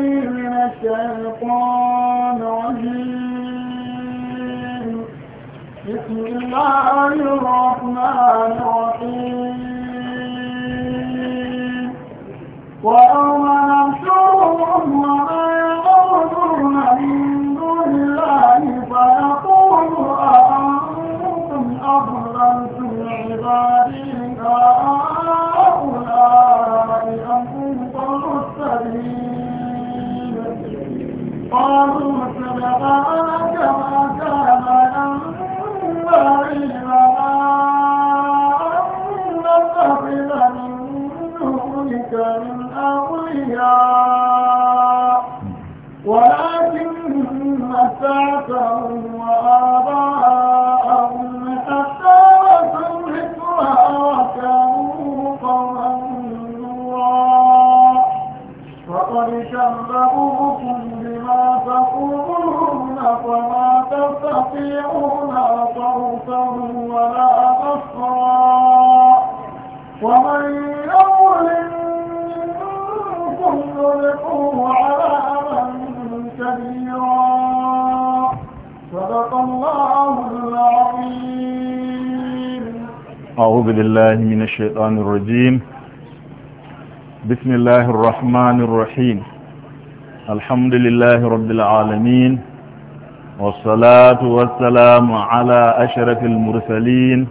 النساء أعوذ بالله من الشيطان الرجيم بسم الله الرحمن الرحيم الحمد لله رب العالمين والصلاة والسلام على أشرف المرسلين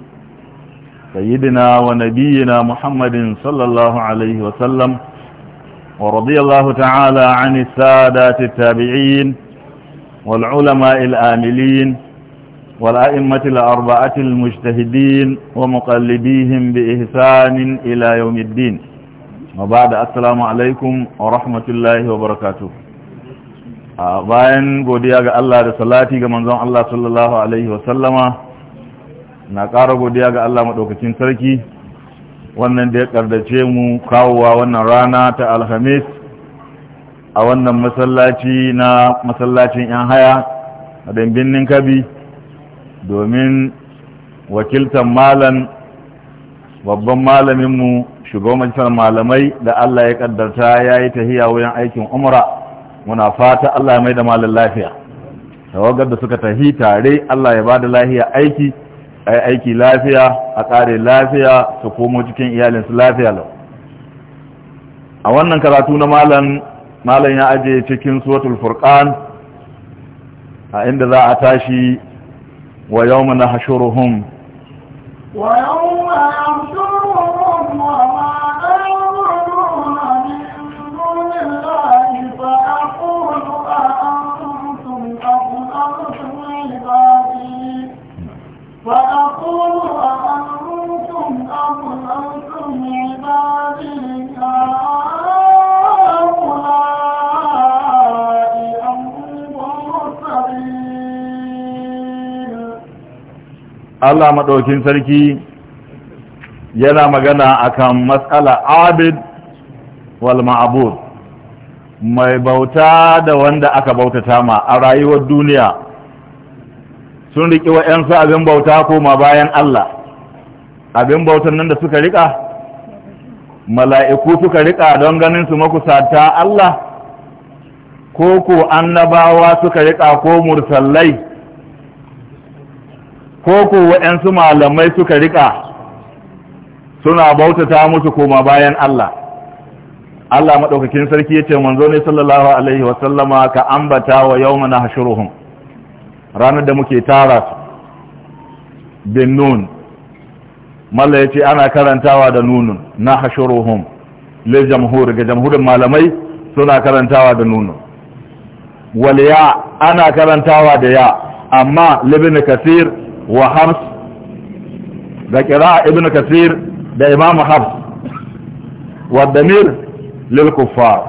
سيدنا ونبينا محمد صلى الله عليه وسلم ورضي الله تعالى عن السادات التابعين والعلماء الآملين والأئمة الأربعة المجتهدين ومقلديهم بإحسان إلى يوم الدين وبعد السلام عليكم ورحمة الله وبركاته bayan godiya ga Allah da salati ga manzon Allah sallallahu alaihi wasallama na ƙara godiya ga Allah maɗaukacin sarki wannan da ya ƙardace mu kawowa wannan rana ta alhamis a wannan masallaci na masallacin 'yan haya a dambin ninkabi kabi domin wakiltan malam, babban malaminmu shugabancin malamai da Allah ya kaddarta ya yi tahiya wurin aikin umra muna fata Allah ya mai da malin lafiya tawagar da suka tahi tare Allah ya ba da lafiya aiki a aiki lafiya a ƙare lafiya su komo cikin iyalinsu lafiya lau a wannan karatu na malam malam ya aje cikin suratul furqan a inda za a tashi ويوم نحشرهم ويوم نحشرهم Allah maɗaukin sarki yana magana akan matsala abid wal ma'abud mai bauta da wanda aka bautata ma a rayuwar duniya sun riƙi wa'yansu abin bauta koma bayan Allah abin bautan nan da suka riƙa mala'iku suka riƙa don ganin su makusata Allah ko ko annabawa suka riƙa ko mursallai ko ko waɗansu malamai suka rika suna bautata musu koma bayan Allah Allah maɗaukakin sarki ya ce manzo ne sallallahu alaihi wasallama ka ambata wa yau mana hashuruhun ranar da muke tara su bin nun malla ya ce ana karantawa da nunun na hashuruhun le jamhur ga jamhurin malamai suna karantawa da nunun wal ya ana karantawa da ya amma libin kasir wa hams da qira'a ibn kasir da imam hafs wa damir lil kuffar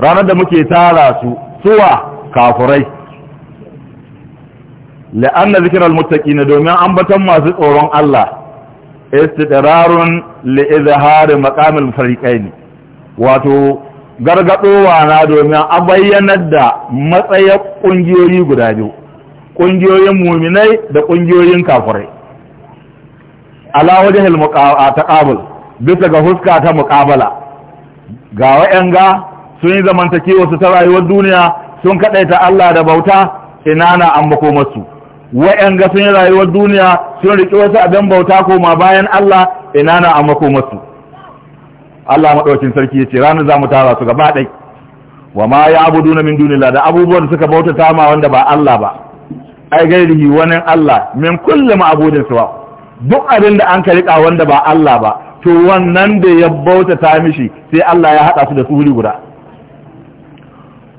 ranar da muke tara su suwa kafurai la'anna zikral muttaqin domin ambaton masu tsoron Allah istidrarun li makamin maqamil fariqaini wato gargadowa na domin a bayyanar da matsayin kungiyoyi guda biyu ƙungiyoyin muminai da ƙungiyoyin kafirai ala wajhil taqabul bisa ga huska ta muqabala ga ga sun yi zamantakewa su ta rayuwar duniya sun kaɗaita Allah da bauta ina na an bako masu ga sun yi rayuwar duniya sun riƙe wasu abin bauta koma bayan Allah ina na an bako masu Allah maɗaukin sarki ya ce ranar za mu tara su gaba ɗai wa ma ya abu duna min dunila da abubuwan suka bautata ma wanda ba Allah ba ai gairihi wani Allah min kulli ma'budin sawa duk abin da an karika wanda ba Allah ba to wannan da ya bauta ta mishi sai Allah ya hada su da tsuri guda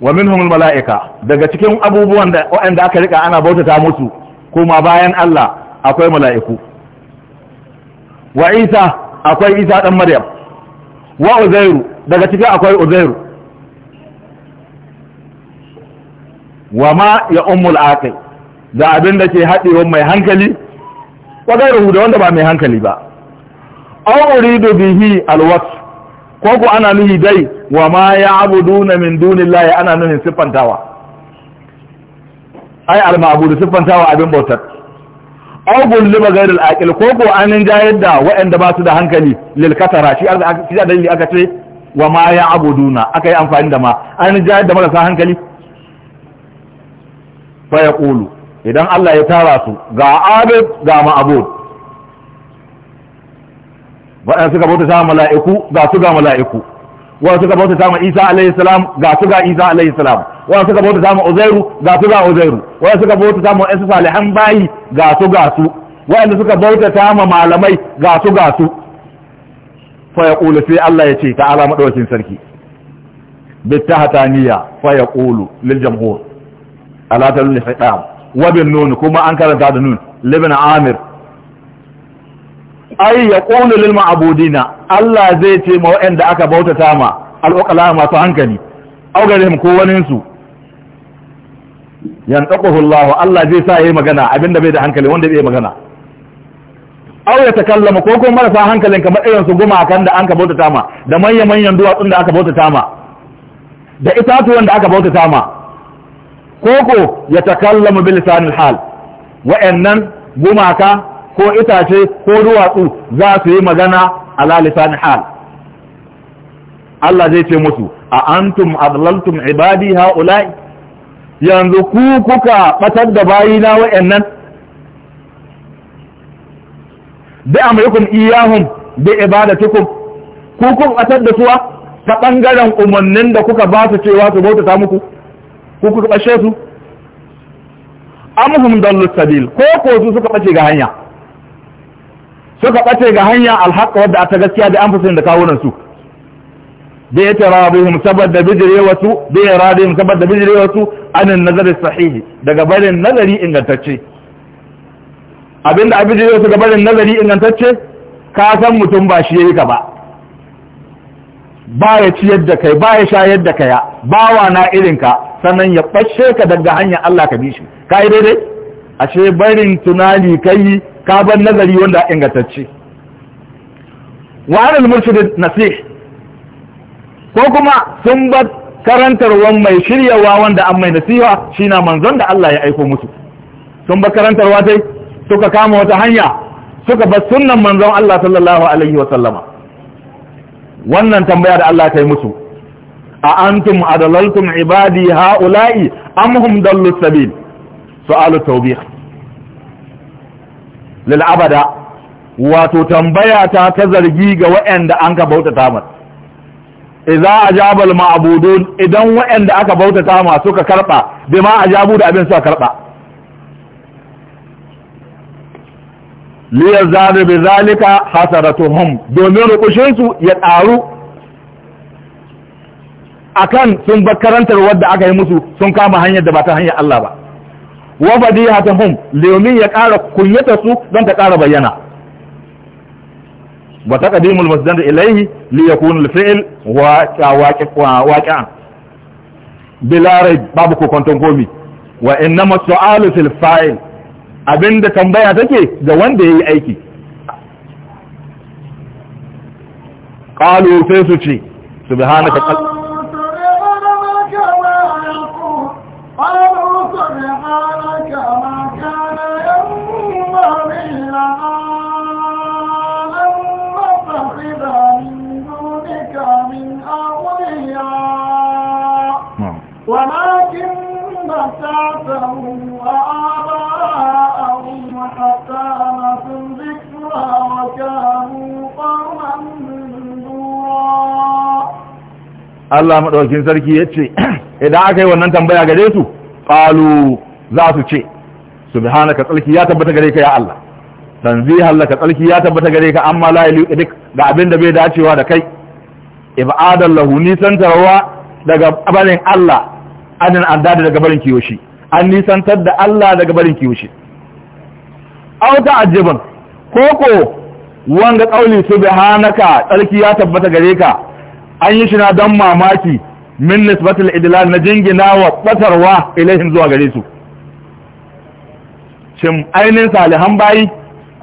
wa minhum mala'ika daga cikin abubuwan da waɗanda aka rika ana bauta ta musu kuma bayan Allah akwai mala'iku wa Isa akwai Isa dan Maryam wa Uzairu daga cikin akwai Uzairu wa ma ya ummul aqil da abin da ke wa mai hankali wagairu da wanda ba mai hankali ba an uridu bihi alwas ko ku ana nuhi dai wa ma ya abuduna min dunillahi ana nuhin siffantawa ai al-ma'budu siffantawa abin bautar aw gulliba ghairul aqil ko ko an jayar da waɗanda ba su da hankali lil katara shi a shi dalili aka ce wa ma ya abuduna aka yi amfani da ma an jayar da marasa hankali fa yaqulu idan Allah ya tara su ga abid ga ma'abud waɗanda suka bauta sama mala'iku ga su ga mala'iku waɗanda suka bauta sama Isa alaihi salam ga su ga Isa alaihi salam waɗanda suka bauta sama Uzairu ga su ga Uzairu waɗanda suka bauta sama Isa salihan bayi ga su ga su waɗanda suka bauta sama malamai ga su ga su fa yaqulu sai Allah ya ce ta alama madaukakin sarki bittahataniya fa yaqulu lil jamhur ala talul hitam wabin nun kuma an karanta da nun libin amir ai ya lil ma'budina Allah zai ce ma wanda aka bautata ma al'uqala masu hankali mu ko wani su yantaquhu Allah Allah zai sa yayi magana abinda bai da hankali wanda bai magana aw ya takallama ko kuma marasa hankalin kamar irin su kan da ka bautata ma da manyan manyan duwatsun da aka bautata ma da itatuwan da aka bautata ma koko ya takallamu bil lisanil hal wa'annan gumaka ko itace ko duwatsu za su yi magana ala lisanil hal Allah zai ce musu a antum adlaltum ibadi haula'i yanzu ku kuka batar da bayina wa'annan bi amrikum iyahum bi ibadatikum ku kun batar da suwa ta bangaren umarnin da kuka ba su cewa su bauta muku ko kuka ɓace su amhum dallu sabil ko ko su suka ɓace ga hanya suka ɓace ga hanya alhaqa wadda ta gaskiya da anfusin da kawunan su da ya tara bihum saboda bijirewa su da ya da saboda bijirewa su anin nazari sahihi daga barin nazari ingantacce abinda abijirewa su ga barin nazari ingantacce ka san mutum ba shi yayi ka ba ba ya ciyar da kai ba ya shayar da kaya wa na irinka sannan ya fashe ka daga hanyar Allah ka bi shi ka yi daidai ashe barin tunani kai ka bar nazari wanda ingantacce wa anil murshid nasih ko kuma sun bar mai shiryawa wanda an mai nasiha shine manzon da Allah ya aiko musu sun bar karantarwa dai suka kama wata hanya suka bar sunnan manzon Allah sallallahu alaihi wa sallama wannan tambaya da Allah ta yi musu a antum adalaltum ibadi ha'ula'i am dallu sabil su'alu tawbih lil abada wato tambaya ta ta zargi ga waɗanda an ka bautata masa idza ajaba al ma'budun idan waɗanda aka bautata ma suka karba bima ajabu da abin suka karba li yazadu bi zalika hasaratuhum domin rukushin su ya ɗaru. akan sun bakarantar karantar wadda aka yi musu sun kama hanyar da ba ta hanyar Allah ba wa fadihatuhum liyomin ya ƙara kunyata su don ta ƙara bayyana wa taqdimul masdar ilayhi li yakuna al-fi'l wa waqi'a bila rayb babu ko kwanton komi wa innama su'alu fil fa'il abinda tambaya take ga wanda yayi aiki qalu sai su ce subhanaka ولكن متعتهم وآباءهم حتى نسوا الذكرى وكانوا قوما Allah maɗaukin sarki ya ce, Idan aka yi wannan tambaya gare su, ƙalu za su ce, Subhanaka tsarki ya tabbata gare ka ya Allah, tanzi hallaka tsarki ya tabbata gare ka amma la duk ga abin da bai dacewa da kai, ibadallahu nisan tarawa daga abanin Allah anan an dada daga barin kiyoshi an nisantar da Allah daga barin kiyoshi aw ta'ajjaban koko wanga kauli subhanaka tsarki ya tabbata gare ka an yi shi na dan mamaki min nisbatul idlal na jingina wa batarwa ilaihin zuwa gare su shin ainihin salihan bayi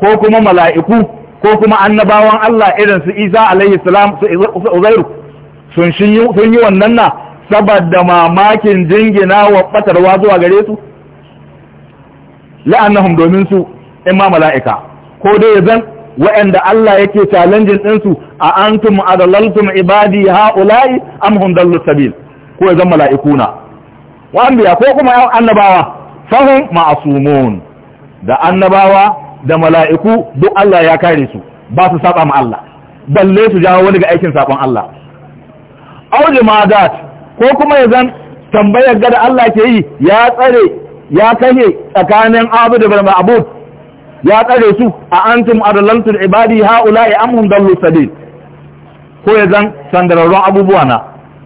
ko kuma mala'iku ko kuma annabawan Allah irin su Isa alaihi salam su Uzairu sun yi wannan na saboda mamakin jingina wa batarwa zuwa gare su la'annahum domin su in ma mala'ika ko dai zan wa'anda Allah yake challenging din su a antum adallaltum ibadi haula'i am hum dallus sabil ko zan mala'ikuna wa anbiya ko kuma annabawa fahum ma'sumun da annabawa da mala'iku duk Allah ya kare su ba su saba ma Allah balle su jawo wani ga aikin sakon Allah auje madat ko kuma ya zan tambayar gada Allah ke yi ya tsare ya kashe tsakanin abu da barma abu ya tsare su a antum adalantul ibadi haula'i amhum dallu sabil ko ya zan sandararrun abubuwa na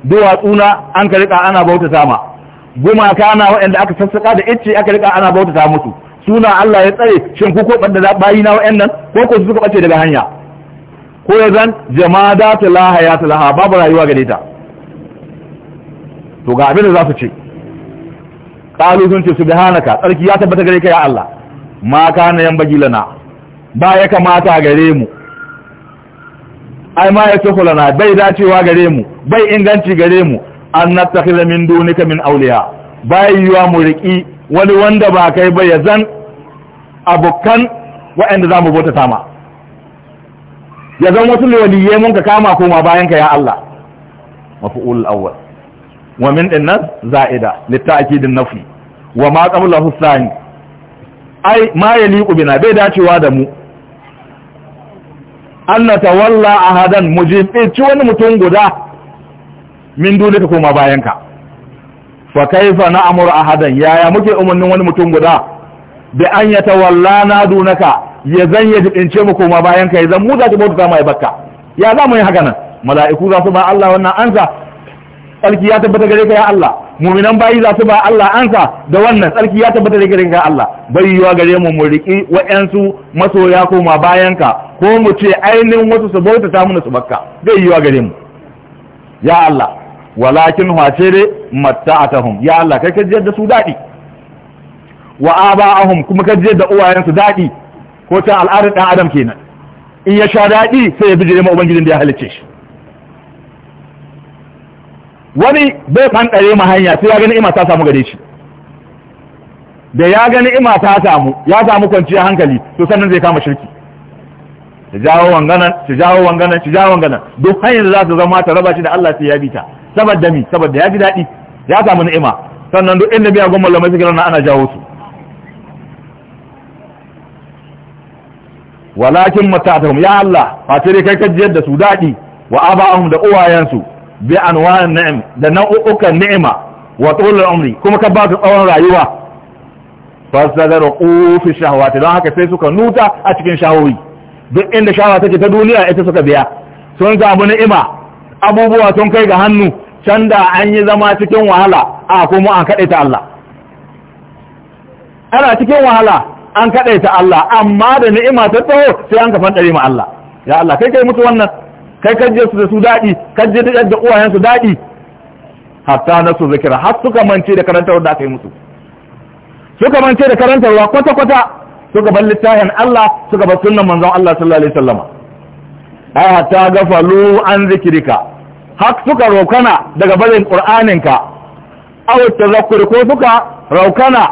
duwatsu na an ka rika ana bauta sama guma na waɗanda aka sassaka da icce aka rika ana bauta ta musu suna Allah ya tsare shin ku ko da bayi na waɗannan ko ko suka bace daga hanya ko ya zan jama'a da ta lahaya ta laha babu rayuwa gare ta to ga abin da za su ce ƙalu sun ce hanaka tsarki ya tabbata gare ka ya Allah ma na yan lana ba ya kamata gare mu ai ma ya lana bai dacewa gare mu bai inganci gare mu an nattakhidha min dunika min awliya bai yiwa mu riki wani wanda ba kai ba ya zan abokan waɗanda za mu bauta sama ya zan wasu lewaliye mun ka kama koma bayan ka ya Allah ulul awwal wa min din nan za'ida litta'kidin nafi wa ma qablahu sani ai ma yaliqu bina bai dacewa da mu Allah tawalla ahadan mujibi eh, ci wani mutum guda min dole koma bayanka fa kaifa na'muru ahadan yaya muke umarnin wani mutum guda bi an yatawalla na dunaka ya zan ya jibince mu koma bayanka ya zan mu za ta bauta mai bakka ya za mu yi haka nan mala'iku za su ba Allah wannan ansa tsarki ya tabbata gare ka ya Allah muminan bayi za su ba Allah ansa da wannan tsarki ya tabbata da gare ka Allah bai yiwa gare mu mu riki wa'ansu masoya ma bayan ka ko mu ce ainihin wasu su bauta ta muna su bakka bai yiwa gare mu ya Allah walakin wace dai matta'atahum ya Allah kai ka jiyar da su dadi wa aba'ahum kuma ka jiyar da uwayen dadi ko ta al'adar dan adam kenan in ya sha dadi sai ya bijire ma ubangijin da ya halicce shi wani bai fankare ma hanya sai ya gani ima ta samu gare shi da ya gani ima ta samu ya samu kwanciyar hankali to sannan zai kama shirki ta jawo wanganan ta jawo wanganan ta jawo wanganan duk hanyar da za su zama ta raba shi da Allah sai ya bi ta saboda mi saboda ya ji daɗi ya samu ni'ima sannan duk inda biya goma lamai suke ana jawo su walakin ta ya Allah fa sai kai ka jiyar da su daɗi wa aba'ahum da uwayensu bi anwa'in ni'im da nau'ukan ni'ima wa tulul umri kuma ka ba su tsawon rayuwa fasadaru qufi shahawati don haka sai suka nuta a cikin shahawi duk inda shahawa take ta duniya ita suka biya sun samu ni'ima abubuwa sun kai ga hannu can da an yi zama cikin wahala a kuma an kaɗaita Allah ana cikin wahala an kaɗaita Allah amma da ni'ima ta tsawo sai an kafan ɗari ma Allah ya Allah kai kai mutu wannan kai kan je su da su daɗi kan je da uwayen su daɗi hatta na su zikira har suka mance da karantar da aka yi musu suka mance da karantarwa kwata kwata suka bar littafin Allah suka bar sunnan manzon Allah sallallahu alaihi wasallama ai hatta gafalu an zikirika har suka raukana daga barin ka aw tazakkur ko suka raukana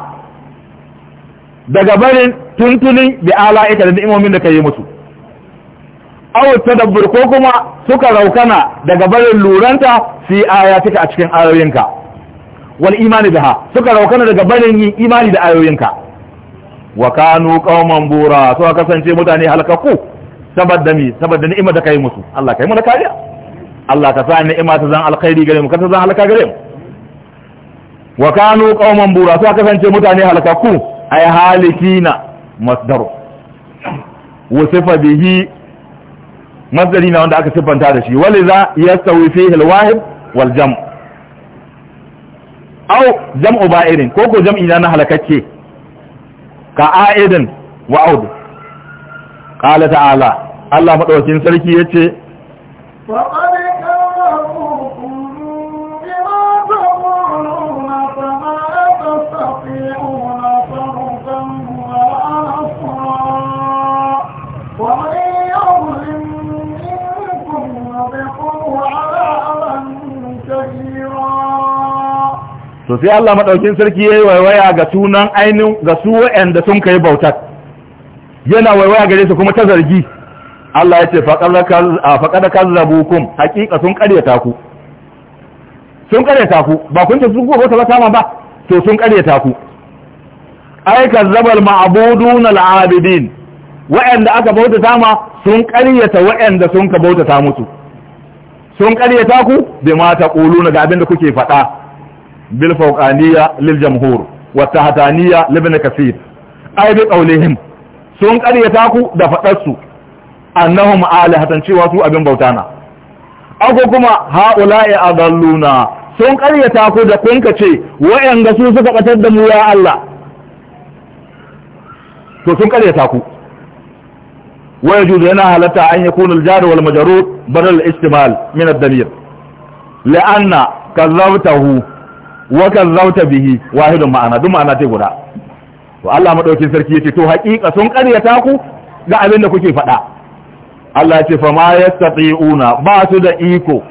daga barin tuntunin bi ala'ika da ni'imomin da kai musu awul tadabbur ko kuma suka raukana daga barin luranta fi ayatika a cikin ayoyinka wal imani biha suka raukana daga barin yin imani da ayoyinka wa kanu qauman bura aka kasance mutane halakaku saboda mi saboda ni'ima da kai musu Allah kai mu da kariya Allah ka sa ni'ima ta zan alkhairi gare mu ka ta zan halaka gare mu wa kanu qauman bura aka kasance mutane halakaku ay halikina masdaru sifa bihi masdari na wanda aka siffanta da shi wali za sauyi fi alwahid wal jam' au jam'u irin ko ko jam'i na halakacce ka a'idin wa aud qala ta'ala Allah madaukakin sarki yace wa qala to sai Allah madaukin sarki yayi waiwaya ga sunan ainin ga su wa'anda sun kai bautar yana waiwaya gare su kuma ta zargi Allah ya ce faqad kazzabukum haqiqa sun karyata ku sun karyata ku ba kun ce sun gobe ta sama ba to sun karyata ku ai kazzabal ma'budun al'abidin wa'anda aka bauta ma sun karyata wa'anda sun ka bauta ta musu sun karyata ku bima taquluna ga abin da kuke faɗa bil fawqaniyya lil jamhur wa tahtaniyya li ibn kasir ay bi qawlihim sun qaryata ku da fadar su annahum alihatan cewa su abin bauta na ako kuma haula'i adalluna sun qaryata ku da kun kace wa'anga su suka batar da mu Allah to sun ku yana halatta an yakuna al-jar wal majrur badal min wa zauta bihi wahidun ma'ana duk ma'ana ta guda to Allah madaukin sarki yace to haƙiƙa sun ƙaryata ku ga abin da kuke faɗa Allah yace ce fa ma yastati'una ba su da iko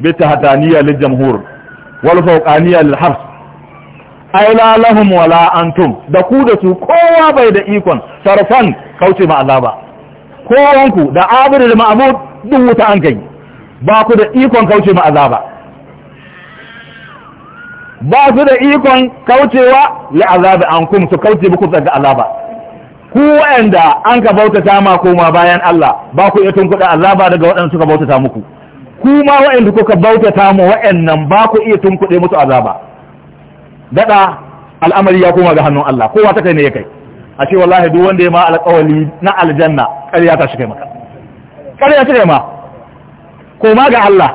bi tahdaniya lil jamhur wal fawqaniya lil hafs ai la lahum la antum da ku da su kowa bai da ikon sarfan kauce ma ba kowanku da abirul ma'mud duk wuta an kai ba ku da ikon kauce ma azaba ba su da ikon kaucewa li azabi ankum su kauce muku daga azaba ku wanda an ka bautata ma koma bayan Allah ba ku iya tunkuɗa azaba daga waɗanda suka bautata muku ku ma waɗanda kuka bautata mu waɗannan ba ku iya tunkuɗe musu azaba dada al'amari ya koma ga hannun Allah kowa ta kai ne ya kai a ce wallahi duk wanda ya ma alƙawali na aljanna ƙarya ta shi kai maka ƙarya ta kai ma koma ga Allah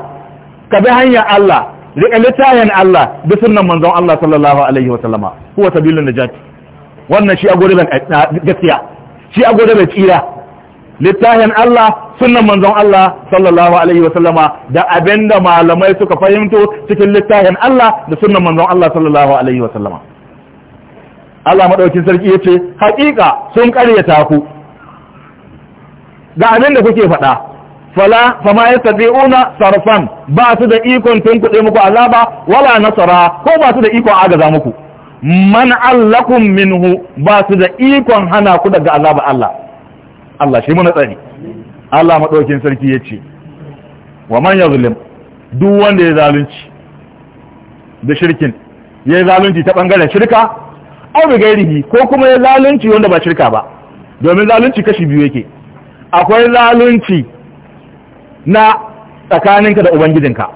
ka bi hanya Allah rika littayen Allah da sunan manzon Allah sallallahu alaihi wa sallama huwa sabilun najati wannan shi a gode ban gaskiya shi a gode ban tsira littayen Allah sunan manzon Allah sallallahu alaihi wa sallama da abinda malamai suka fahimto cikin littayen Allah da sunan manzon Allah sallallahu alaihi wa sallama Allah madaukin sarki ya ce haƙiƙa sun ƙaryata ku ga abinda kuke faɗa fala fama ya tabi una sarfan ba su da ikon tunkuɗe muku azaba wala nasara ko ba su da ikon agaza muku man allakum minhu ba su da ikon hana ku daga azaba Allah Allah shi muna tsari Allah madaukin sarki ya ce wa man yazlim duk wanda ya zalunci da shirkin ya yi zalunci ta bangaren shirka au bi gairihi ko kuma ya zalunci wanda ba shirka ba domin zalunci kashi biyu yake akwai zalunci na tsakaninka da ubangijinka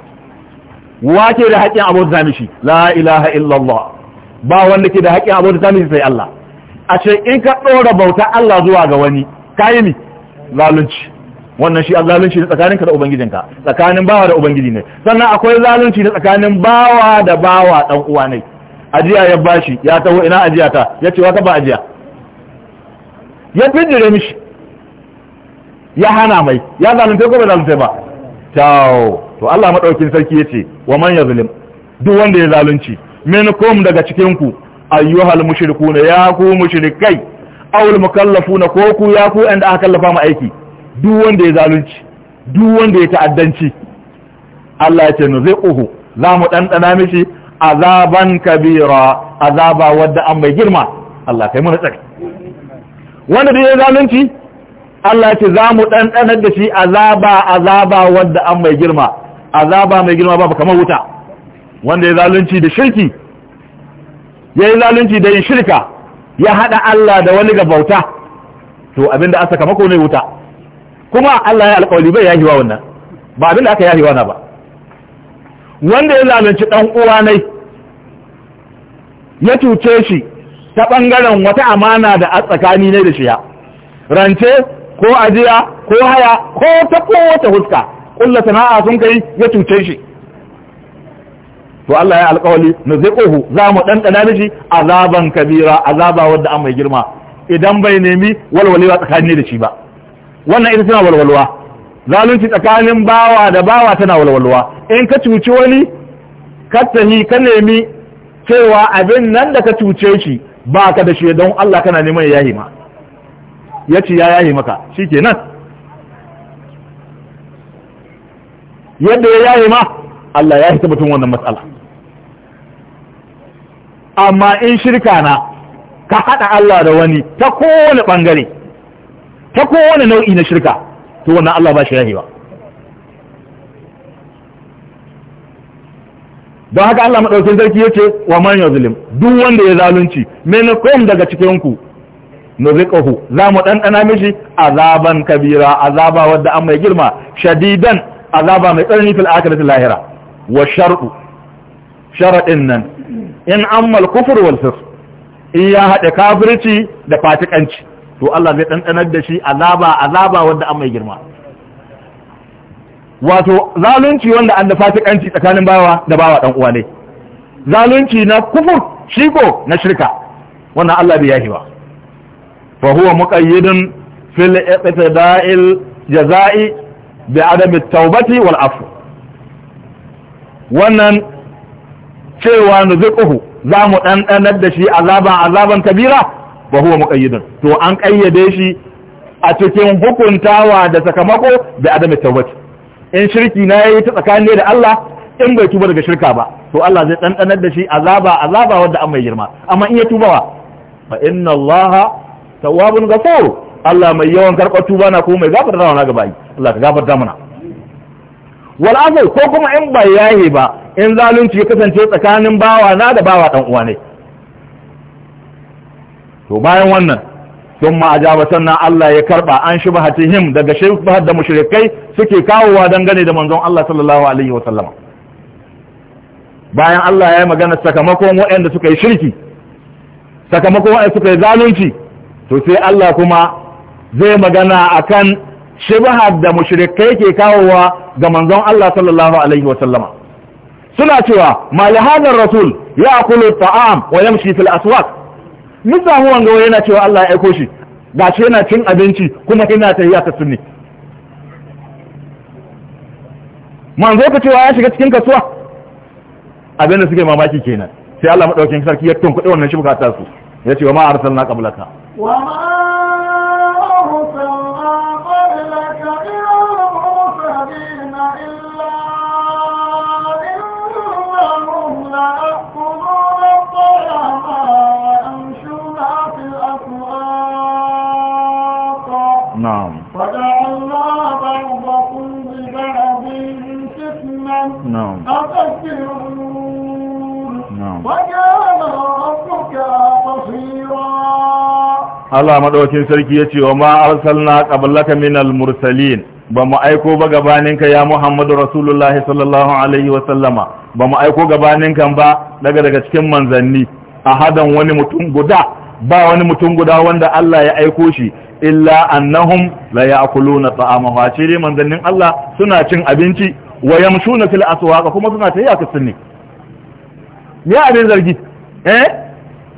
wace da haƙƙin abota ta mishi la ilaha illallah ba wanda ke da haƙƙin abota ta mishi sai Allah a ce in ka ɗora bauta Allah zuwa ga wani kayi mi zalunci wannan shi zalunci ne tsakaninka da ubangijinka tsakanin bawa da ubangiji ne sannan akwai zalunci ne tsakanin bawa da bawa dan uwa ne ajiya ya bashi ya taho ina ajiya ta ya ce wata ba ajiya ya bijire mishi ya hana mai ya zalunce ko bai zalunce ba tawo to Allah madaukin sarki yace wa man yazlim duk wanda ya zalunci minkum daga cikin ku ayyuhal mushrikuna ya ku mushrikai awul mukallafuna ko ku ya ku inda aka kallafa mu aiki duk wanda ya zalunci duk wanda ya ta'addanci Allah ya ce uhu za mu dandana mishi azaban kabira azaba wadda an mai girma Allah kai mu tsari wanda da ya zalunci Allah ce za mu ɗanɗanar da shi azaba azaba wanda an mai girma azaba mai girma babu kamar wuta wanda ya zalunci da shirki ya yi zalunci da yin shirka ya haɗa Allah da wani ga bauta to abinda aka kamako ne wuta kuma Allah ya alƙawali bai yahiwa wannan ba abinda aka yahiwa na ba wanda ya zalunci ɗan uwa ne ya cuce shi ta ɓangaren wata amana da a tsakani ne da shi ya rance ko ajiya ko haya ko ta kowace huska kulla sana'a sun kai ya cuce shi to Allah ya alƙawali na zai ƙohu za mu ɗanɗana shi azaban kabira azaba wadda an mai girma idan bai nemi walwalewa tsakanin da shi ba wannan ita tana walwalwa zalunci tsakanin bawa da bawa tana walwalwa in ka cuci wani ka tahi ka nemi cewa abin nan da ka cuce shi ba ka da shi don Allah kana neman ya yahi ma ya ce ya yaye maka shi ke nan yadda ya yaye ma Allah ya hita batun wannan matsala amma in shirka na ka haɗa Allah da wani ta kowane ɓangare ta kowane nau'i na shirka to wannan Allah ba shi yaye ba don haka Allah maɗaukin sarki ya ce wa man ya duk wanda ya zalunci menakon daga cikinku nuziqahu za mu ɗanɗana mishi azaban kabira azaba wadda an mai girma shadidan azaba mai tsanani fil akhirati lahira wa shar'u sharadin nan in ammal kufr wal fisq in ya haɗa kafirci da fatikanci to Allah zai ɗanɗanar da shi azaba azaba wadda an mai girma wato zalunci wanda an da fatikanci tsakanin bawa da bawa dan uwa ne zalunci na kufur shi ko na shirka wannan Allah bai yahi ba fa huwa muqayyidun fil iqtida'il jaza'i bi adam wannan cewa na nuzuquhu za mu ɗanɗanar da shi azaban azaban kabira ba huwa muƙayyidin to an ƙayyade shi a cikin hukuntawa da sakamako da adam tawbati in shirki na yi ta tsakani da Allah in bai tuba daga shirka ba to Allah zai ɗanɗanar da shi azaba azaba wanda an mai girma amma in ya tuba wa fa inna Allaha. tawwabun ghafur Allah mai yawan karɓar tuba na kuma mai gafarta wa ga bayi Allah ka gafarta mana wal azl ko kuma in bai yahi ba in zalunci ya kasance tsakanin bawa na da bawa dan uwa ne to bayan wannan sun ma'ajaba sannan Allah ya karba an shi him daga shirkar da mushrikai suke kawowa dangane da manzon Allah sallallahu alaihi wa sallama bayan Allah ya yi magana sakamakon waɗanda suka yi shirki sakamakon waɗanda suka yi zalunci to sai Allah kuma zai magana a kan shibhar da mushrikai ke kawowa ga manzon Allah sallallahu alaihi wasallama suna cewa malihadar rasul ya akulu ta'am wa yamshi fil aswaq mun samu wanga yana cewa Allah ya aiko shi gashi yana cin abinci kuma yana yi ta sunni manzo ka cewa ya shiga cikin kasuwa abinda suke mamaki kenan sai Allah ɗaukin sarki ya tunkuɗe wannan shibka ta su ya ce wa ma arsalna qablaka وما Allah madaukin sarki ya ce wa ma arsalna qablaka minal mursalin ba mu aiko ba gabaninka ya Muhammadu Rasulullah sallallahu alaihi wa sallama ba mu aiko gabaninka ba daga daga cikin manzanni ahadan wani mutum guda ba wani mutum guda wanda Allah ya aiko shi illa annahum la ya'kuluna ta'ama wa ce manzannin Allah suna cin abinci wa yamshuna fil aswaq kuma suna tafiya kasanni Ya abin zargi eh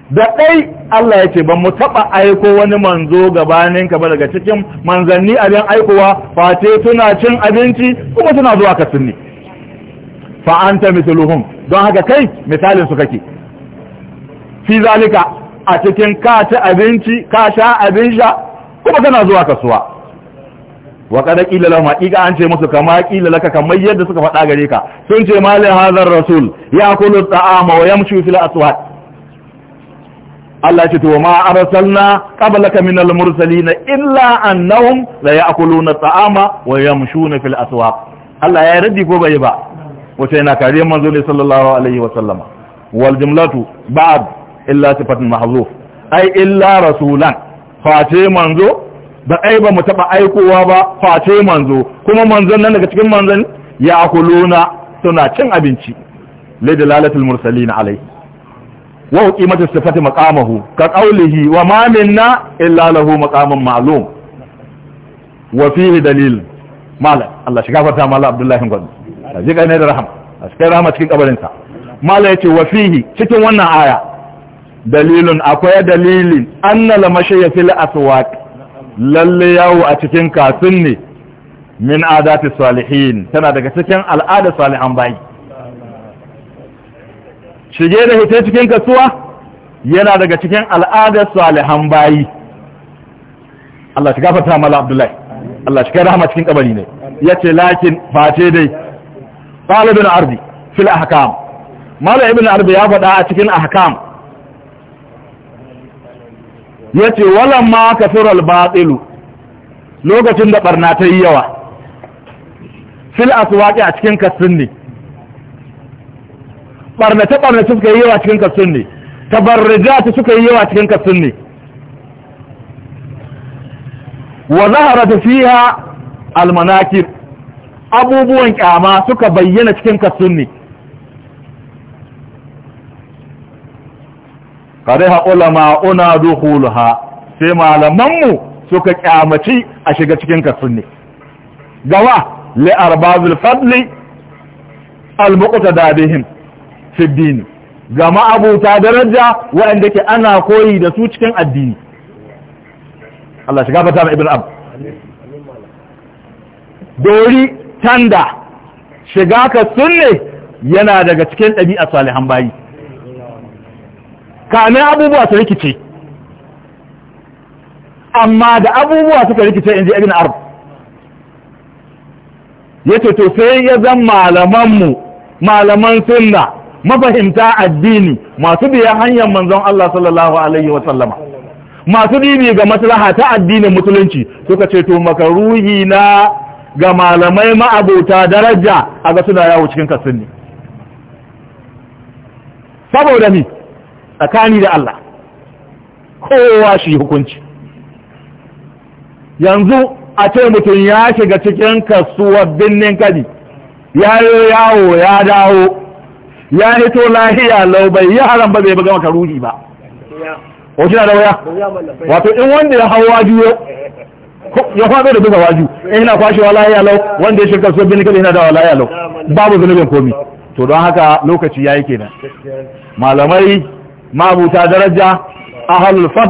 da dai Allah ya ce ban mu taɓa aiko wani manzo gabanin ka ba daga cikin manzanni abin aikowa face suna cin abinci kuma suna zuwa ka sunni fa anta misluhum don haka kai misalin su kake fi zalika a cikin ka ci abinci ka sha abin sha kuma kana zuwa kasuwa wa kada kila lahum haqiqa an ce musu kama kila laka kamar yadda suka faɗa gare ka sun ce malin hadar rasul ya kulu ta'ama wa yamshu fil aswaq Allah ya ce to ma arsalna qablaka min al-mursalin illa annahum la ya'kuluna ta'ama wa yamshuna fil aswaq Allah ya raddi ko bai ba wace yana kariyar manzo ne sallallahu alaihi wa sallama wal jumlatu ba'd illa sifatun mahzuf ai illa rasulan face manzo ba ai ba mu taba aikowa ba face manzo kuma manzon nan daga cikin manzon ya'kuluna suna cin abinci lidalalatul mursalin alaihi wa uqimatu sifati maqamahu ka qawlihi wa ma minna illa lahu maqamun ma'lum wa fihi dalil mala Allah shi gafarta mala Abdullahi gwadu ji kai ne da rahama a cikin rahama cikin kabarin sa mala yace wa fihi cikin wannan aya dalilun akwai dalilin anna lamashayya fil aswaq lalle yawo a cikin kasun ne min adati salihin tana daga cikin al'ada salihan bayi shige da hita cikin kasuwa yana daga cikin al'adar salihan bayi Allah shi gafata mala Abdullahi Allah shi kai rahama cikin kabari ne yace lakin face dai talibin ardi fil ahkam mala ibn ardi ya faɗa a cikin ahkam yace walam ma al-batilu lokacin da ɓarna ta yi yawa fil aswaqi a cikin kasin ne barnace barnace suka yi yawa cikin kassun ne su suka yi yawa cikin kassun ne wa zaharat fiha almanakib abubuwan kyama suka bayyana cikin kassun ne kariha ulama'una dukhulha sai malamanmu suka ƙyamaci a shiga cikin kassun ne gawa li arbazil fadli al muqtada bihim fi dini ga ma'abuta daraja waɗanda ke ana koyi da su cikin addini Allah shiga fata ma ibn dori tanda shiga ka sunne yana daga cikin ɗabi'a salihan bayi kamin abubuwa su rikice amma da abubuwa suka rikice in ji ibn arab ya to sai ya zan malamanmu malaman sunna mafahimta addini masu biya hanyar manzon Allah sallallahu alaihi wa sallama masu dini ga maslaha ta addinin musulunci suka ce to makaruhi na ga malamai ma'abota daraja a ga suna yawo cikin ne. saboda ni tsakani da Allah kowa shi hukunci yanzu a ce mutum ya shiga cikin kasuwar birnin kadi ya yi yawo ya dawo ya hito lahiya lau bai yi haram ba bai buga maka ruhi ba o na da waya wato in wanda ya hau waju ya faɗo da buga waju in yana kwashewa lahiya lau wanda ya shirka so bin kada yana da lahiya lau babu zunubin komi to don haka lokaci ya yi kenan malamai mabuta daraja ahalul fad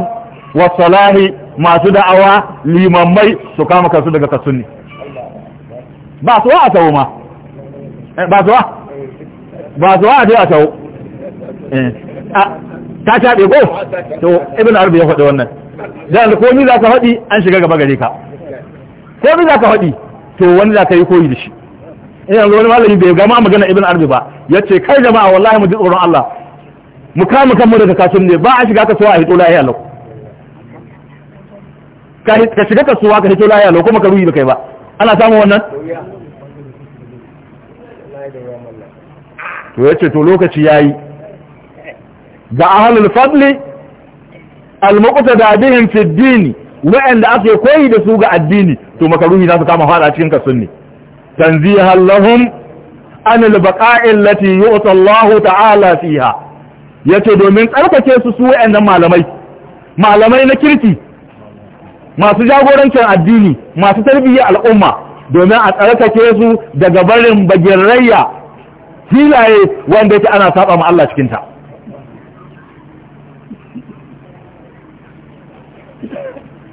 wa salahi masu da'awa limammai su kama kansu daga kasunni ba su wa a tawo ma eh, ba su wa ba su a a tawo eh. ta caɓe ko to ibn arabi ya faɗi wannan da ko ni za ka faɗi an shiga gaba gare ka ko ni za ka faɗi to wani za ka yi koyi da shi in eh, yanzu wani malami bai gama magana ibn arabi ba ya ce kai jama'a wallahi mu ji tsoron Allah mu kama kanmu daga kasuwa ne ba a shiga kasuwa a hito lahi lau. ka shiga kasuwa ka hito lahi alau kuma ka ruhi ba kai ba ana samun wannan to ya ce to lokaci ya yi ga ahalul fadli almakusa da abihin fiddini wa'anda ake koyi da su ga addini to makaruhi za su kama fada cikin kasunni tanzihal lahum an baqa'i allati yu'ta Allah ta'ala fiha yace domin tsarkake su su wa'annan malamai malamai na kirki masu jagorancin addini masu tarbiyyar al'umma domin a tsarkake su daga barin bagirayya. filaye wanda yake ana saba ma Allah cikin ta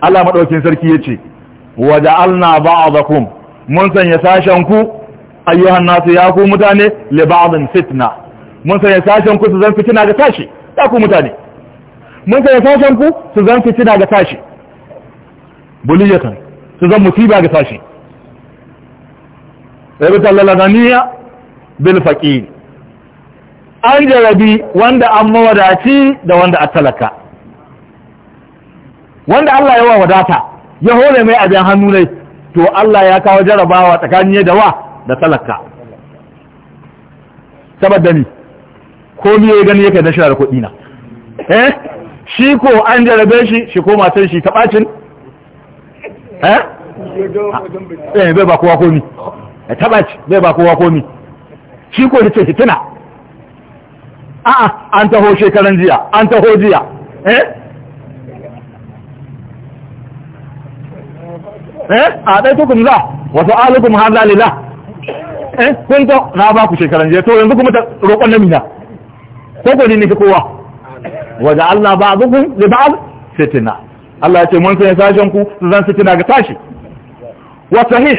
Allah madaukin sarki yace waja'alna ba'dakum mun sanya sashen ku ayyuhan nasu ya ku mutane li ba'dhin fitna mun sanya sashen ku su zan fitina ga tashi ya ku mutane mun sanya sashen ku su zan fitina ga tashi buliyatan su zan musiba ga tashi ibtallalaniya bil faqir an jarabi wanda an mawadaci da wanda a talaka wanda Allah ya wa wadata ya hore mai abin hannu ne to Allah ya kawo jarabawa tsakanin da wa da talaka saboda ni ko ni ya gani yake da shi da kuɗi na eh shi ko an jarabe shi shi ko matar shi ta bacin eh eh bai ba kowa komi ta baci bai ba kowa komi shi ko ce fitina a'a an taho shekaran jiya an taho jiya eh eh a dai tukum za wa su'alukum hadha lillah eh kun to na ba ku shekaran jiya to yanzu kuma ta roƙon miya. ko ko ne kowa wa ba ba'dukum da ba fitina Allah ya ce mun sanya sashen ku zan fitina ga tashi wa sahih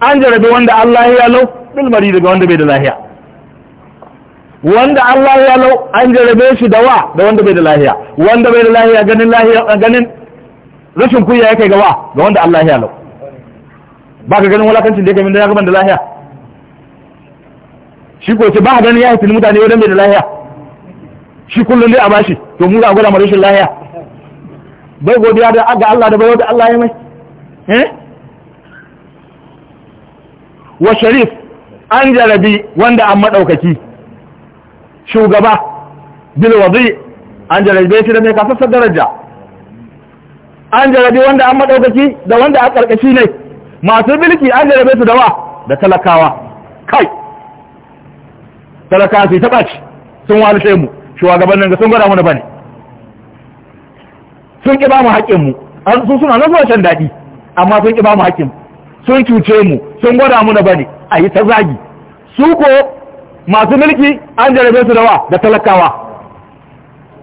an jarabe wanda Allah ya lau bilmari daga wanda bai da lahiya wanda Allah ya lau an jarabe shi da wa da wanda bai da lahiya wanda bai da lahiya ganin lahiya ganin rashin kuya yake ga wa ga wanda Allah ya lau ba ka ganin walakancin da yake min da ya gaban da lahiya shi ko ce ba ka ganin ya haifin mutane wajen bai da lahiya shi kullum dai a bashi to mu za a gwada marishin rashin lahiya bai godiya da ga Allah da bai wata Allah ya mai eh wa sharif an jarabi wanda an maɗaukaki shugaba bilwazi an jarabe shi da mai kasassar daraja an jarabi wanda an maɗaukaki da wanda an ƙarƙashi ne masu bilki an jarabe su da wa da talakawa kai talakawa su yi taɓa ci sun walishe mu nan ga sun gwada ba bane sun ƙi ba mu haƙƙinmu an su suna nan zuwa can daɗi amma sun ƙi ba mu haƙƙinmu sun cuce mu sun gwada ba bane a yi ta zagi su ko masu mulki an jarabe su da wa da talakawa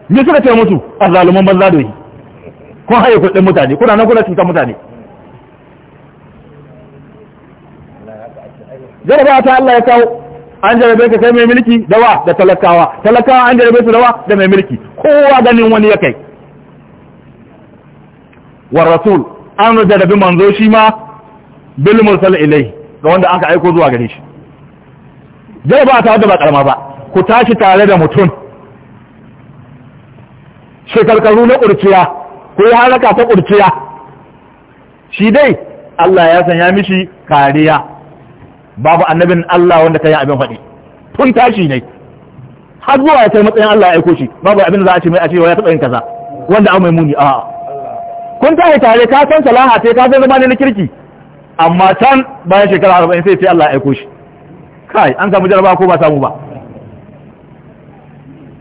ni suka ce musu a zaluman banza doyi kun haye kuɗin mutane kuna nan kuna cutar mutane jarabawa ta Allah ya kawo an jarabe ka kai mai mulki da wa da talakawa talakawa an jarabe su da wa da mai mulki kowa ganin wani ya kai wa rasul an jarabe manzo shi ma bil mursal ilayhi ga wanda an ka aiko zuwa gare shi jaraba ta wadda ba karama ba ku tashi tare da mutum shekarkaru na ƙurciya ku yi haraka ta ƙurciya shi dai Allah ya san ya mishi kariya babu annabin Allah wanda ta yi abin faɗi tun tashi ne har zuwa ya kai matsayin Allah ya aiko shi babu abin da za a ce mai a cewa ya taɓa yin kaza wanda an mai muni a kun tashi tare ka san salaha sai ka san zama ne na kirki amma can bayan shekara arba'in sai sai Allah ya aiko shi kai an samu jaraba ko ba samu ba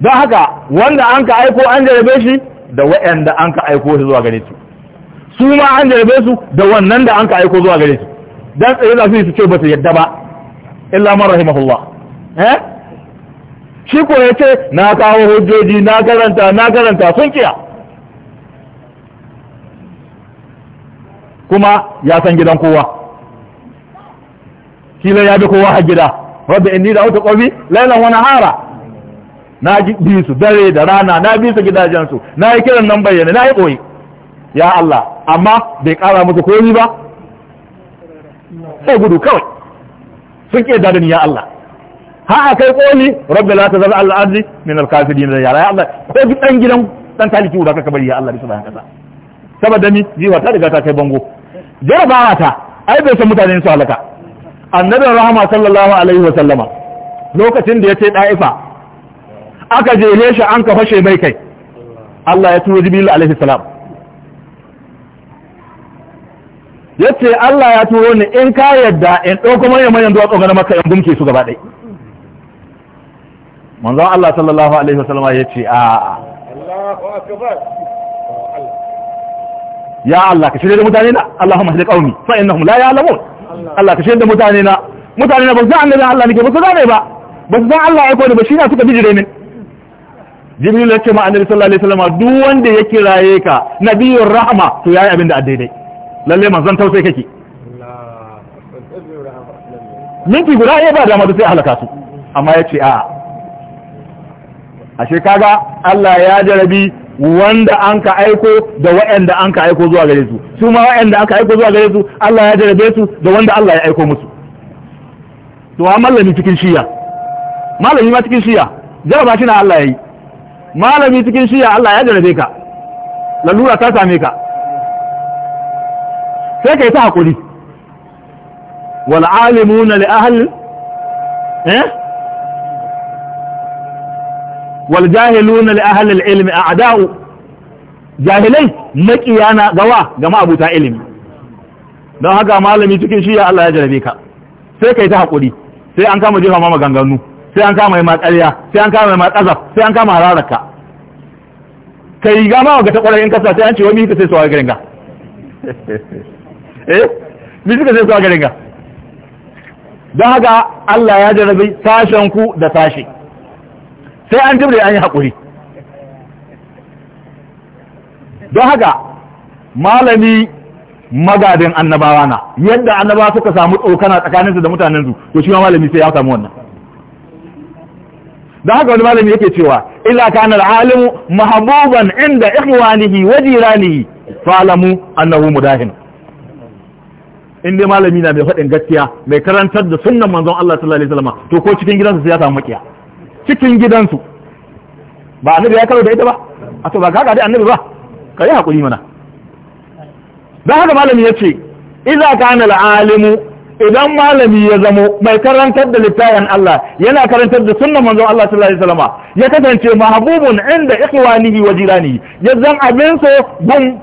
don haka wanda an ka aiko an jarabe shi da wa'anda an ka aiko shi zuwa gare su su ma an jarabe su da wannan da an ka aiko zuwa gare su dan tsaye za su yi su ce ba su yadda ba illa man rahimahullah eh shi ko ya ce na kawo hujjoji na karanta na karanta sun kiya kuma ya san gidan kowa kila ya bi kowa a gida rabbi inni da auta qawmi lailan wa nahara na bi su dare da rana na bi su gidajensu na yi kiran nan bayyana na yi koyi ya Allah amma bai kara musu komi ba sai gudu kawai sun ke dadin ya Allah ha a kai koli rabbi la tazal al ardi min al kafirin yara ya Allah ko dan gidan dan taliki ba ka bari ya Allah bisa bayan kasa saboda ni jiwa ta riga ta kai bango jarabawa ta ai bai san mutane su halaka annabi rahama sallallahu alaihi wa sallama lokacin da ya ce da'ifa aka jele shi an ka fashe mai kai Allah ya turo jibril alaihi salam yace Allah ya turo ni in ka yadda in dauko manyan manyan duwatsu ga maka in gumke su gaba ɗaya manzo Allah sallallahu alaihi wa sallama yace a Allahu akbar ya Allah ka shirya da mutane na Allahumma hadi qaumi fa innahum la ya'lamun Allah ka shirya da mutane na mutane na ba su annabi Allah nake ba su zane ba ba su san Allah ya ne ba shi na suka bijire min Jibril ya ce ma annabi sallallahu alaihi wasallam duk wanda ya kiraye ka nabiyur rahma to yayi abin da dai lalle manzon tausayi kake ki guda ya ba da madu sai halaka su amma ya ce a ashe kaga Allah ya jarabi wanda an ka aiko da waɗanda an ka aiko zuwa gare su su ma waɗanda aka aiko zuwa gare su Allah ya jarabe su da wanda Allah ya aiko musu to amma malami cikin shiya malami ma cikin shiya jaraba shi na Allah ya yi malami cikin shiya Allah ya jarabe ka lalura ta same ka sai ka ta hakuri wal alimuna li ahli eh wal jahiluna li ahli al ilmi a'da'u jahilai makiyana gawa ga ma'abuta ilimi don haka malami cikin shi ya Allah ya jarabe ka sai kai ta hakuri sai an kama jefa ma maganganu sai an kama ma ƙarya sai an kama ma ƙazaf sai an kama hararka kai ga ma ga ta ƙwarar sai an ce wani ka eh? sai suwa garin ga eh bi suka sai suwa garin ga don haka Allah ya jarabe sashen ku da sashe sai an jimre an yi haƙuri don haka malami magadin annabawa na yadda annabawa suka samu tsokana tsakaninsu da mutanensu to shi ma malami sai ya samu wannan don haka wani malami yake cewa illa na alimu mahabuban inda ikhwanihi wa jiranihi falamu annahu mudahin in dai malami na mai faɗin gaskiya mai karantar da sunnan manzon Allah sallallahu alaihi wasallam to ko cikin gidansa sai ya samu makiya cikin gidansu ba annabi ya karo da ita ba a to ba ka da annabi ba ka yi haƙuri mana don haka malami ya ce iza kana alimu idan malami ya zamo mai karantar da littafin Allah yana karantar da sunnan manzon Allah sallallahu alaihi wasallam ya kasance mahbubun inda ikhwanihi wa jiranihi zan abin so gun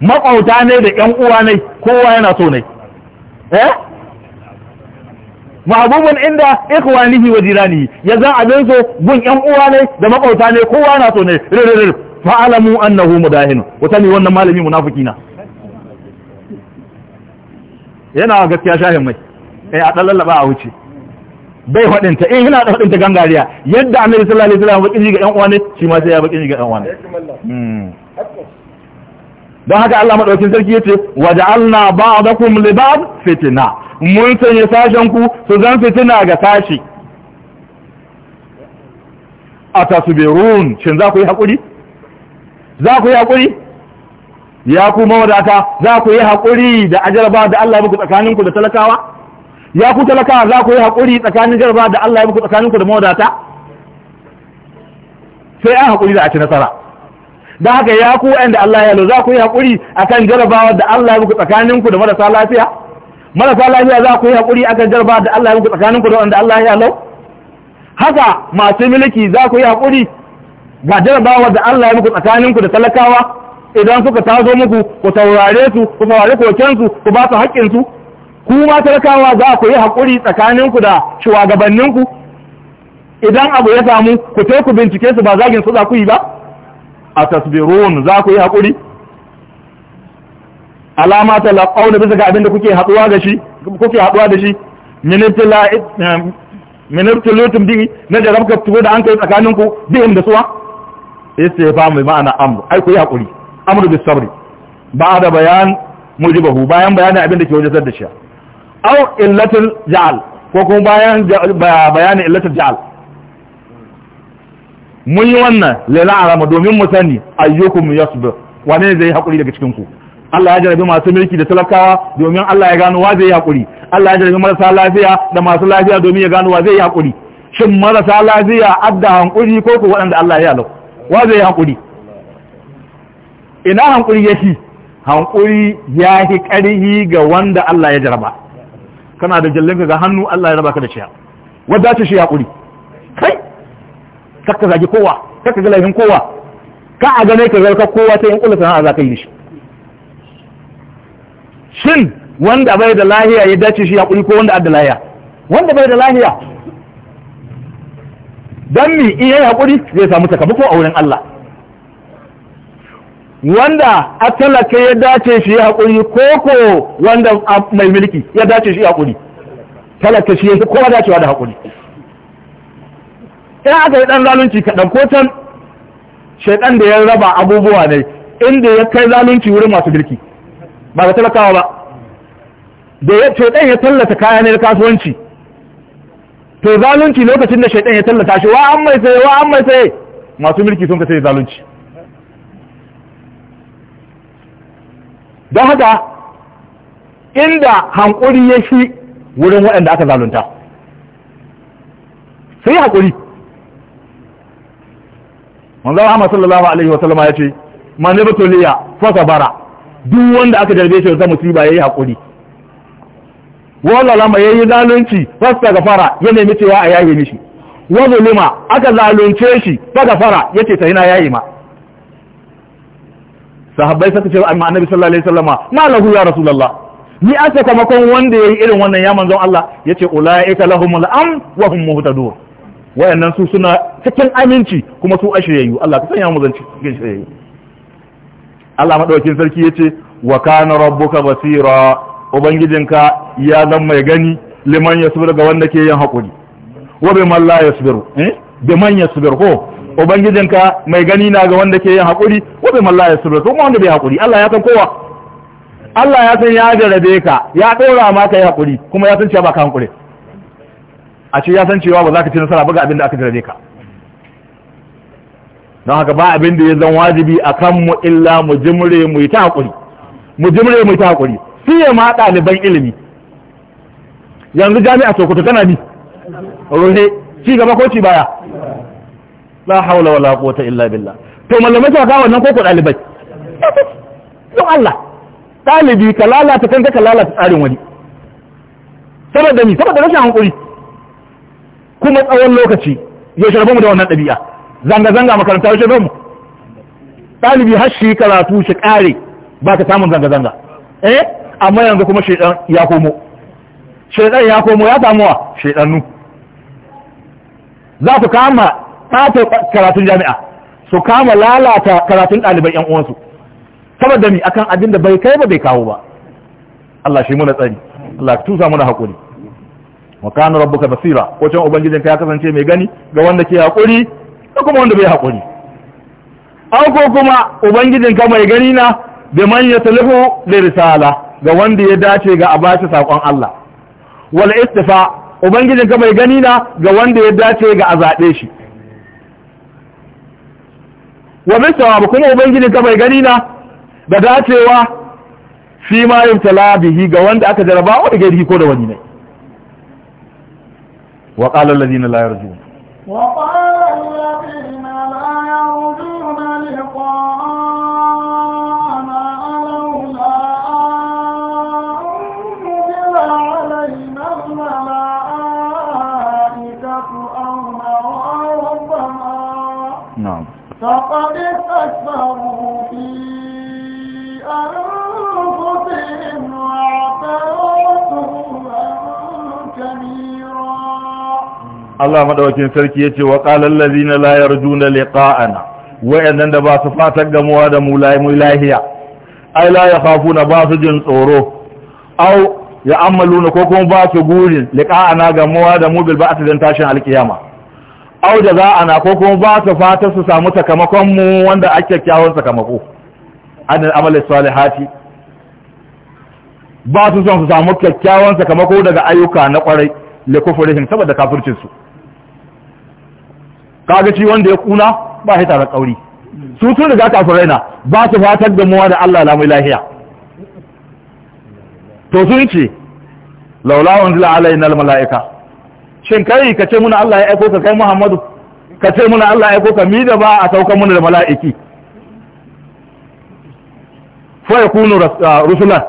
makauta ne da ƴan uwa ne kowa yana so ne eh mahabubun inda ikhwanihi wa za a abin so gun yan uwa ne da makauta ne kowa na so ne rirrir fa'alamu annahu mudahin wata ne wannan malami munafiki na yana gaskiya shahin mai eh a ɗan lallaba a wuce bai faɗinta in eh, yana da gangariya yadda annabi sallallahu alaihi wasallam baki ga yan uwa ne shi ma sai ya baki ga yan uwa ne hmm. don haka Allah maɗaukin sarki ya ce waje yace ba a zakon libab fitina mun sanya sashen ku su zan fitina ga sashi atasbirun shin za ku yi hakuri za ku yi haƙuri? ya ku mawadata za ku yi hakuri da ajarba da Allah muku tsakaninku da talakawa ya ku talakawa za ku yi hakuri tsakanin jarba da Allah muku tsakaninku da mawadata sai an hakuri da a ci nasara da haka ya ku da Allah ya za ku yi haƙuri a kan jarabawa da Allah ya muku tsakaninku da marasa lafiya marasa lafiya za ku yi haƙuri a kan jarabawa da Allah ya muku tsakaninku da wanda Allah ya lau haka masu miliki za ku yi haƙuri ga jarabawa da Allah ya muku tsakaninku da talakawa idan suka tazo muku ku taurare su ku saurari kokensu ku ba su haƙƙinsu ku ma talakawa za ku yi haƙuri tsakaninku da shugabanninku idan abu ya samu ku ku bincike su ba zagin su za ku yi ba atasbirun za ku yi haƙuri alama ta na bisa ga abin da kuke haɗuwa da shi kuke haɗuwa da shi min eh, ibtilutum bi na jarabka tuwo da an kai tsakanin ku bihim da suwa istifa mai ma'ana amru ai ku yi haƙuri amru bis sabri ba da bayan mujibahu bayan bayanin abin da ke wajen da shi au illatul ja'al ko kuma bayan bayanin illatul ja'al mun yi wannan lela arama domin mu sani ayyukum yasbir wane zai hakuri daga cikin ku Allah ya jarabi masu mulki da talakawa domin Allah ya gano wa zai hakuri Allah ya jarabi marasa lafiya da masu lafiya domin ya gano wa zai hakuri shin marasa lafiya adda hankuri ko ko waɗanda Allah ya lau wa zai hakuri ina hankuri yake hankuri ya fi ƙarhi ga wanda Allah ya jaraba kana da jallinka ga hannu Allah ya raba ka da shi wadda ce shi hakuri kakka zagi kowa kakka ga laifin kowa ka a gane ka zarka kowa sai in kula sana'a za ka yi shi shin wanda bai da lahiya ya dace shi hakuri ko wanda adda lahiya wanda bai da lahiya dan mi in yayi hakuri zai samu sakamako a wurin Allah wanda a talaka ya dace shi hakuri ko ko wanda mai mulki ya dace shi hakuri talaka shi ya kowa dacewa da hakuri in aka yi ɗan zalunci kaɗan ko can shaidan da ya raba abubuwa ne inda ya kai zalunci wurin masu birki ba ga talakawa ba da ya shaidan ya tallata kaya ne na kasuwanci to zalunci lokacin da shaidan ya tallata shi wa an mai sai wa an mai saye masu mulki sun ka sai zalunci don haka inda hankuri ya shi wurin waɗanda aka zalunta sai haƙuri manzo Muhammad sallallahu alaihi wa sallama yace man liya fa sabara duk wanda aka jarbe shi da musiba yayi hakuri wala lama yayi zalunci fasta gafara ya nemi cewa a yaye mishi wa zulima aka zalunce shi fa gafara yace sai na yayi ma sahabbai suka ce amma annabi sallallahu alaihi wasallama ma lahu ya rasulullah ni aka kamakon wanda yayi irin wannan ya manzon Allah yace ulaika lahumul am wa hum muhtadun wayannan su suna cikin aminci kuma su ashiyayyu Allah ka sanya mu zan cikin shiyayyu Allah madaukakin sarki yace wa kana rabbuka basira ubangijinka ya zan mai gani liman yasbiru ga wanda ke yin hakuri wa bi man la yasbiru eh bi man yasbir ko ubangijinka mai gani na ga wanda ke yin hakuri wa bi man la yasbiru kuma wanda bai hakuri Allah ya san kowa Allah ya san ya jarabe ka ya dora maka yi hakuri kuma ya san cewa ba ka hakuri a ce ya san cewa ba za ka ci nasara ba ga abin da aka jarabe ka don haka ba abin da ya zan wajibi a kan mu illa mu jimre mu yi ta haƙuri mu jimre mu yi ta haƙuri fiye ma ɗaliban ilimi yanzu jami'a sokoto tana bi ruhe ci gaba ko ci baya la haula wala quwwata illa billah to malamai ta ga wannan koko ɗalibai don Allah ɗalibi ka lalata kanka ka lalata tsarin wani saboda ni saboda rashin hankuri kuma tsawon lokaci ya shirba mu da wannan ɗabi'a zanga-zanga makaranta ya shirba mu ɗalibi har shi karatu shi ƙare ba ka samun zanga-zanga eh amma yanzu kuma shaidan ya komo shaidan ya komo ya samu wa shaidannu za ku kama ɓata karatun jami'a su kama lalata karatun ɗaliban yan uwansu saboda mi akan abin da bai kai ba bai kawo ba Allah shi muna tsari Allah tusa muna haƙuri wa kana rabbuka basira ko can ubangijin ka ya kasance mai gani ga wanda ke hakuri da kuma wanda bai hakuri an ko kuma ubangijin ka mai gani na da man ya talifu da risala ga wanda ya dace ga a bashi sakon Allah wal istifa ubangijin ka mai gani na ga wanda ya dace ga a zabe shi wa bi sawab kuma ubangijin ka mai gani na da dacewa fi ma yumtala bihi ga wanda aka jarabawa da gari ko da wani ne wa qala alladhina la yarjun wa qala alladhina Allah madawakin sarki yace wa qala allazina la yarjuna liqa'ana wa'annan da ba su fatan gamuwa da mu lai mu lahiya ai la yakhafuna ba su jin tsoro au ya'amaluna ko kuma ba su gurin liqa'ana gamuwa da mu bil ba'th dan tashin alqiyama au da za'ana ko kuma ba su fatan su samu sakamakon mu wanda ake kyawun sakamako adan amali salihati ba su son su samu kyakkyawan sakamako daga ayyuka na kwarai le kufurihim saboda su. kaga shi wanda ya kuna ba shi tare kauri su sun riga kafin raina ba su fatar da muwa da Allah lamu lahiya to sun ce laula wanzila alainal mala'ika shin kai ka ce muna Allah ya aiko ka kai Muhammadu ka ce muna Allah ya aiko ka mi da ba a sauka muna da mala'iki fa yakunu rusulan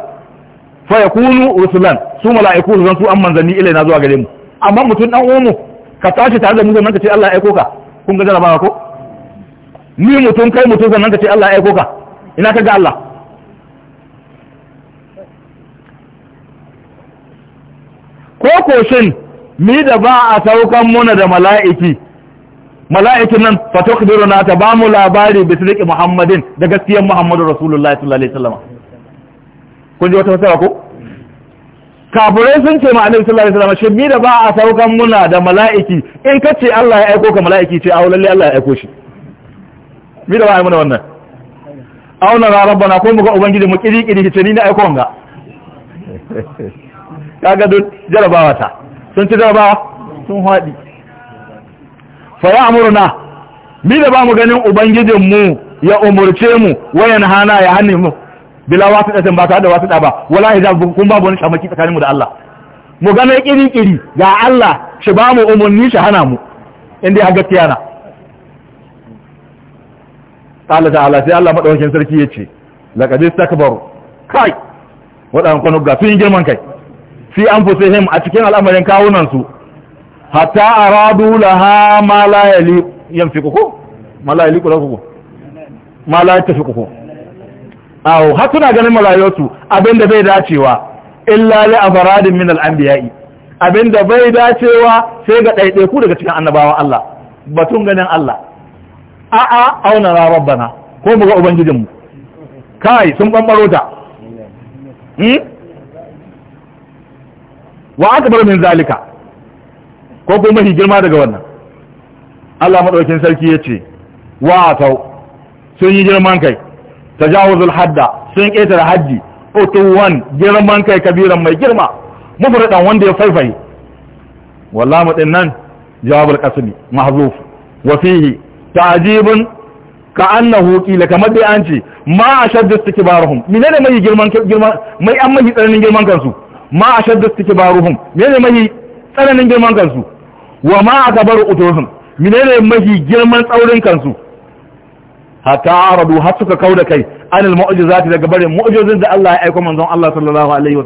fa yakunu rusulan su mala'iku zan su an manzanni ilaina zuwa gare mu amma mutum dan uwan mu ka tashi tare da mu zan ka ce Allah ya aiko ka kun ga jarabawa ko ni mutum kai mutum sannan ka ce Allah ya aiko ka ina ka ga Allah ko ko shin mi da ba a saukan muna da mala'iki mala'ikin nan Kudura na ta ba mu labari bi sirki muhammadin da gaskiyar muhammadu rasulullahi sallallahu alaihi wasallam kun ji wata fasara ko kafirai sun ce ma annabi sallallahu alaihi wasallam da ba a saukan muna da mala'iki in ka ce Allah ya aiko ka mala'iki ce a lalle Allah ya aiko shi mi da ba a yi muna wannan auna ra rabbana ko ga ubangiji mu kiri kiri ce ni na aiko nga kaga duk jarabawa ta sun ci jarabawa sun hadi fa ya'muruna mi da ba mu ganin ubangijin mu ya umurce mu wayan hana ya hanne mu bila wasu ɗasin ba tare da wasu ɗa ba wala ya kun babu wani shamaki tsakaninmu da Allah mu gane ƙiri-ƙiri ga Allah shi ba mu umarni shi hana mu inda ya gaskiya tiyana Allah ta'ala sai Allah madaukakin sarki ya ce laqad istakbaru kai waɗannan kanu ga sun girman kai fi sai a cikin al'amarin kawunan su hatta aradu laha malayali yan fi kuku malayali kula kuku malayali ta fi kuku awo har suna ganin marayuwarsu abinda bai dacewa illa li afradin min al-anbiya'i abinda bai dacewa sai ga ɗaiɗaiku daga cikin annabawan Allah batun ganin Allah a'a auna rabbana ko mu ga ubangijinmu kai sun bambaro ta hmm? wa bar min zalika ko kuma mafi girma daga wannan Allah madaukakin sarki ya ce, wa atau sun yi girman kai tajawuzul hadda sun ƙetare haddi utuwan girman kai kabiran mai girma mufradan wanda ya faifaye wallamu din nan jawabul qasmi mahzuf wa fihi ta'jibun ka annahu qila kamar dai an ce ma ashaddu istikbaruhum menene mai girman girman mai an tsananin girman kansu ma ashaddu istikbaruhum menene mai tsananin girman kansu wa ma akabaru utuhum menene mai girman tsaurin kansu hatta aradu har suka kauda kai anil mu'jizati daga barin mu'jizin da Allah ya aika manzon Allah sallallahu alaihi wa